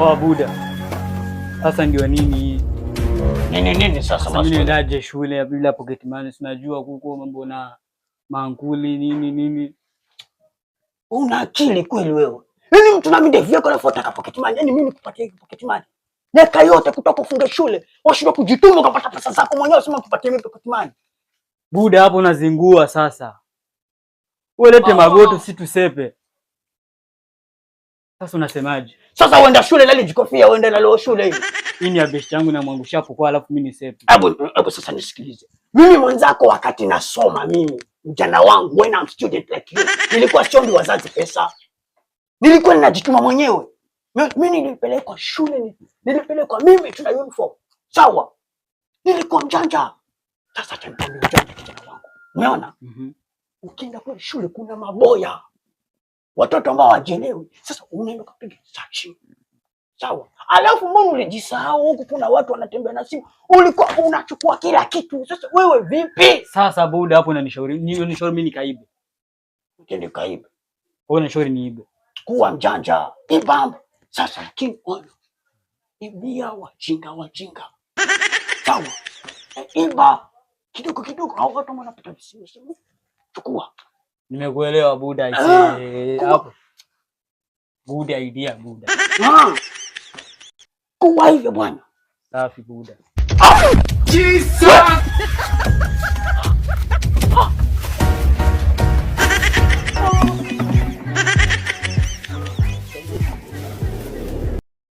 Oh, Buda. Sasa ndio nini? Nini nini sasa maswali? Mimi ndaje shule bila pocket money, sinajua kuko mambo na mankuli nini nini. Una akili kweli wewe? Nini mtu na midevu yako alafu kwa pocket money? Yaani mimi nikupatie pocket money. Miaka yote kutoka kufunga shule, washindwa kujituma ukapata pesa zako mwenyewe, sema kupatie mimi pocket money. Buda, hapo unazingua sasa. Wewe lete magoto, si tusepe. Sasa unasemaje? Sasa uenda shule lali jikofia uenda nalo shule hivi. Mimi ya besti yangu na mwangu shapo kwa alafu mimi nisepe. Hebu hebu sasa nisikilize. Mimi mwenzako wakati nasoma mimi mjana wangu when I'm student like you. Nilikuwa siombi wazazi pesa. Nilikuwa ninajituma mwenyewe. Mimi nilipelekwa shule, nilipelekwa mimi tuna uniform. Sawa. Nilikuwa mjanja. Sasa tena mjanja kijana wangu. Umeona? Mhm. Mm Ukienda kwa shule kuna maboya watoto ambao wajelewi. Sasa unaenda ukapiga search, sawa. Alafu mbona ulijisahau? Huku kuna watu wanatembea na simu, ulikuwa unachukua kila kitu. Sasa wewe vipi? Sasa buda, hapo unanishauri unanishauri mimi nikaibe? Ndio kaibe wewe, unanishauri niibe? Kuwa mjanja, ibamba. Sasa lakini wewe ibia wajinga, wajinga, sawa, e, iba kidogo kidogo, au watu wanapita simu, chukua Nimekuelewa buda. Good idea buda. Ah, ah. Kwa hivyo bwana. Safi buda. Ah, Jesus!